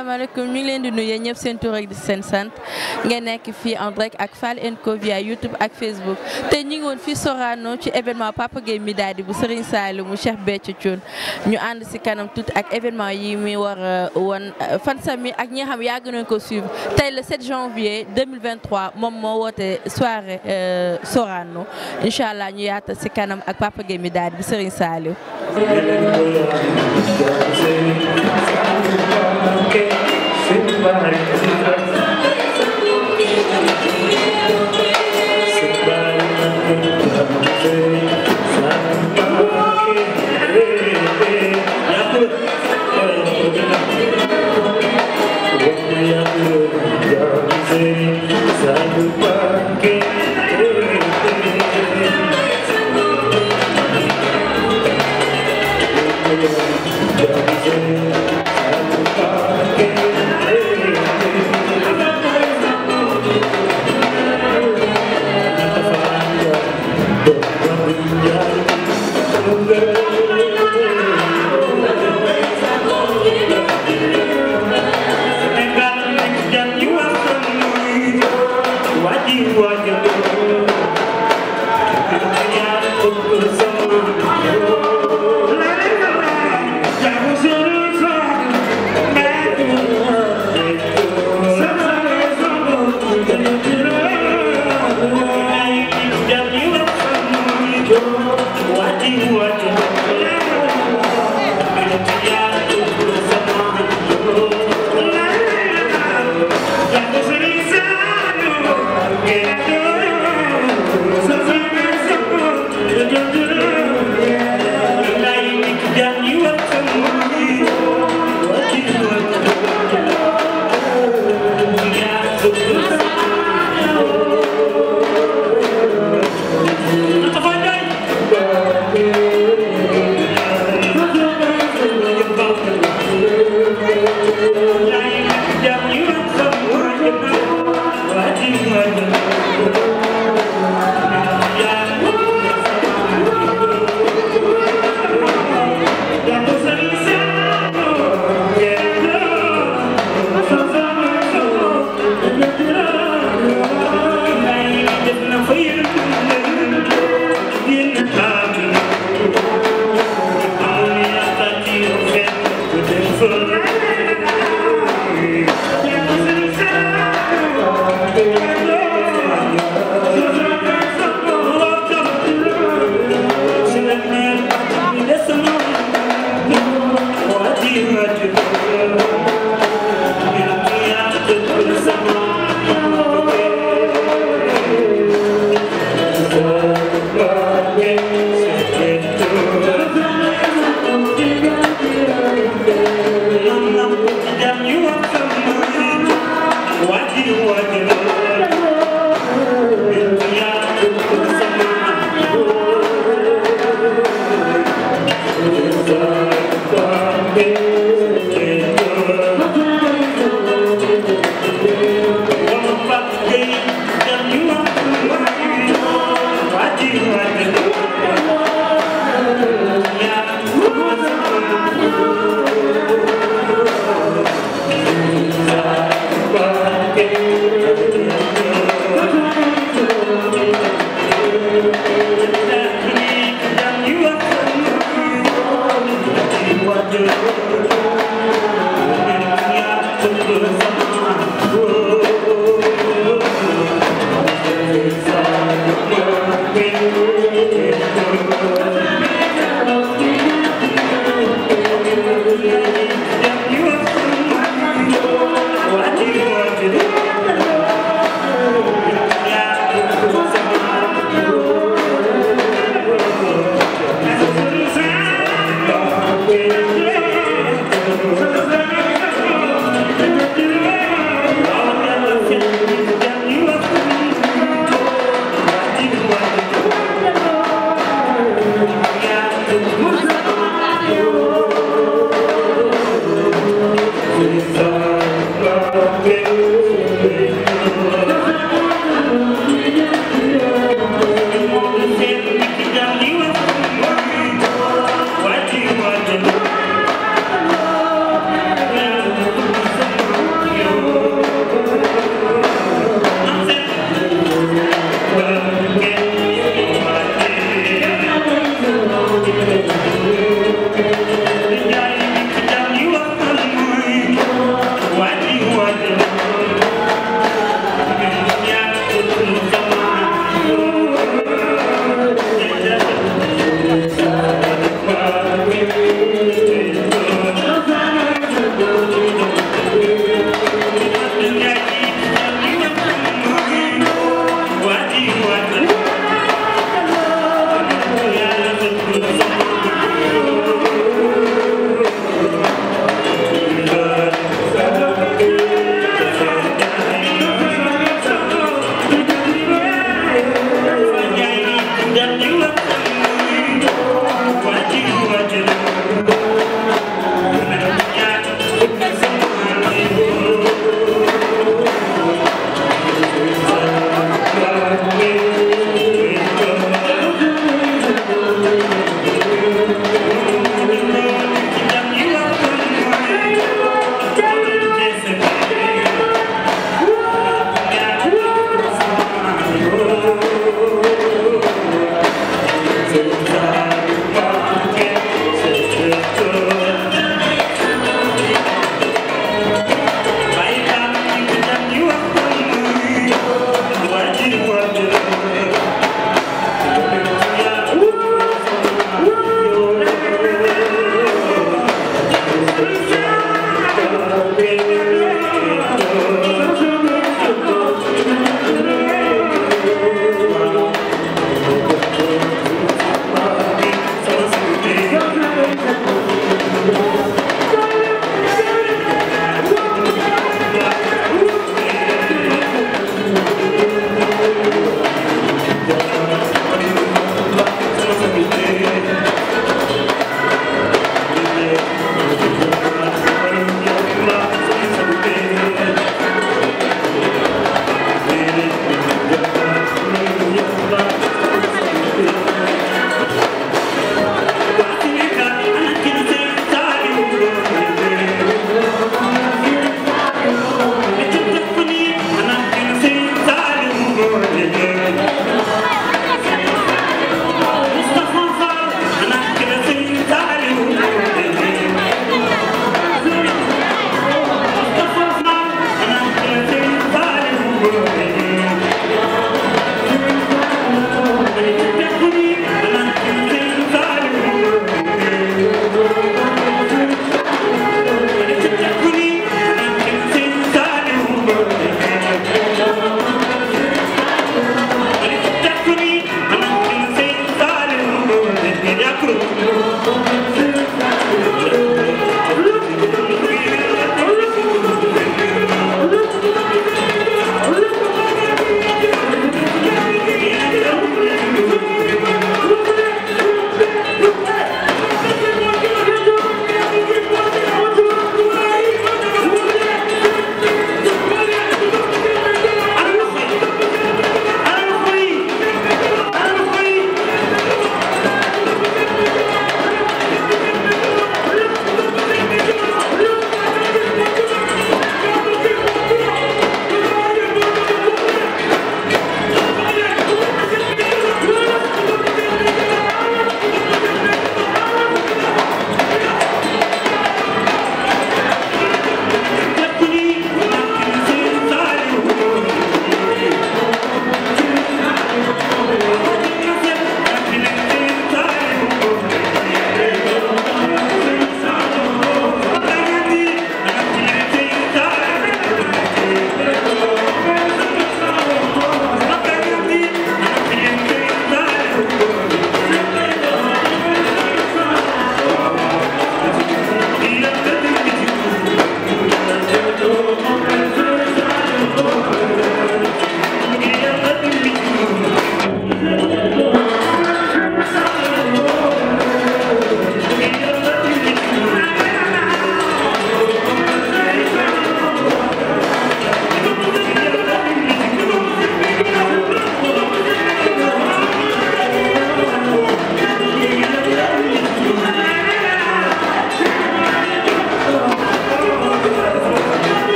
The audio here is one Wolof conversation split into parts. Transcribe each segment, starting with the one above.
asalaamaaleykum ñu ngi leen di nuyu ñëpp seen tur ak di seen sant ngeen nekk fii en direct ak Fall Co via YouTube ak Facebook te ñu ngi woon fii Sorano ci événement Papa Gueye Midadi bu Serigne Saliou mu Cheikh Béthio Thioune ñu ànd si kanam tuuti ak événement yi muy war a woon euh, fan sami ak ñi nga xam yàgg nañ ko suivre tey le 7 janvier 2023 moom moo woote soirée euh, Sorano incha allah ñu yaata si kanam ak Papa Gueye Midadi bu Serigne Saliou. Süper, hareketli.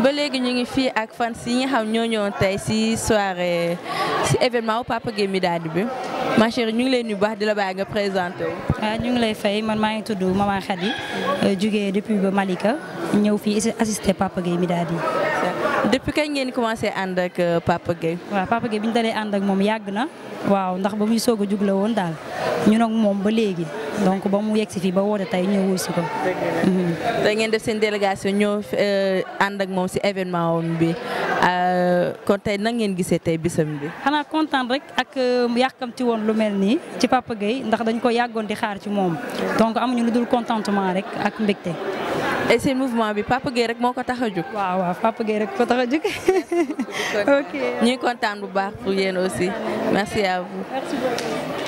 ba léegi ñu ngi fii ak fan yi nga xam ñoo ñëwoon tey si soirée si événement wu Papa Gueye Midadi bi ma chérie ñu ngi lay nuyu baax di la bàyyi nga présenté wu. ah ñu ngi lay fay man maa ngi tudd Mama Khady euh, jugee depuis ba Malika ñëw fii assister Papa Gueye Midadi. depuis kañ ngeen commencé ànd ak euh, Papa Gueye. waaw Papa bi ñu dalee ànd ak moom yàgg na waaw ndax ba muy soog a jug woon daal ñun ak moom ba léegi. donc ba mu yegg si fii ba woote tey ñëw wuy si ko. da ngeen def seen délégation ñëw euh, ànd ak moom si événement woon bi euh, kon te nan ngeen gisee tey bisam bi. xanaa kontaan rek ak euh, yàkkamti woon lu mel nii ci Papa Gueye ndax dañ ko yàggoon di xaar ci moom donc amuñu lu dul contentement rek ak mbégte. et seen mouvement bi Papa Gueye rek moo ko tax a jóg. waaw waaw Papa rek ko tax a jóg. ok ñuy kontaan bu baax pour yéen aussi merci à vous.